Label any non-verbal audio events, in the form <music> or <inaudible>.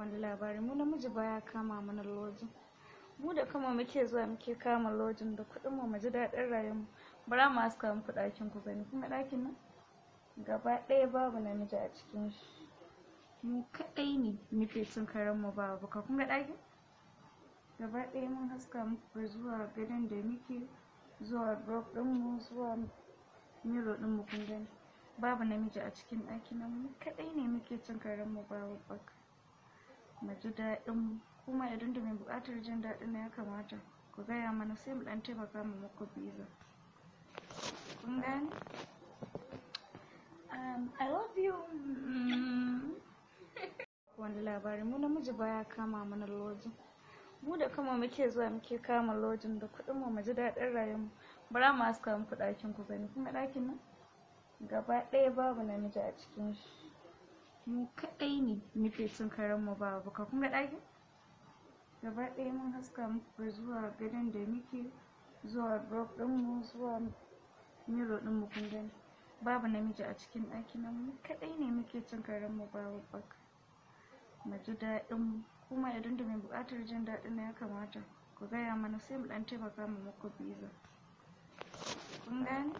wani labari mu namiji baya kama mana lojin mu da kama muke zuwa muke kama lojin da kuɗin mu ji daɗin rayuwar bara mu aska muku ɗakin ku gani kuma ɗakin nan gaba ɗaya babu namiji a cikin shi mu kaɗai ne muke cin karen mu ba buka kuma ɗakin gaba ɗaya mun haska mu zuwa gadon da muke zuwa ɗin mu zuwa miro mu kun gani babu namiji a cikin ɗakin nan mu kaɗai ne muke cin karen mu babu baka mu ji daɗin kuma idan da mai buƙatar jin daɗin na ya kamata ku gaya mana sai mu ɗan taimaka mu muku biza kun um, mm. <laughs> wani labari mu namiji baya kama mana lojin mu da kama muke zuwa muke kama lojin da kuɗin mu mu ji daɗin rayuwar bara mu haska muku ɗakin ku gani kuma ɗakin nan gaba ɗaya babu namiji a cikin shi mu kaɗai ne muke cin karen mu ba baka kun ga ɗakin gaba ɗaya mun haska muku zuwa gadon da muke zuwa drop mu zuwa miro ɗin mu kun gani babu namiji a cikin ɗakin nan mu kaɗai ne muke cin karen mu ba baka mu ji daɗin kuma idan da mai buƙatar jin daɗin na ya kamata ku gaya mana sai mu ɗan taimaka mu muku biza kun gane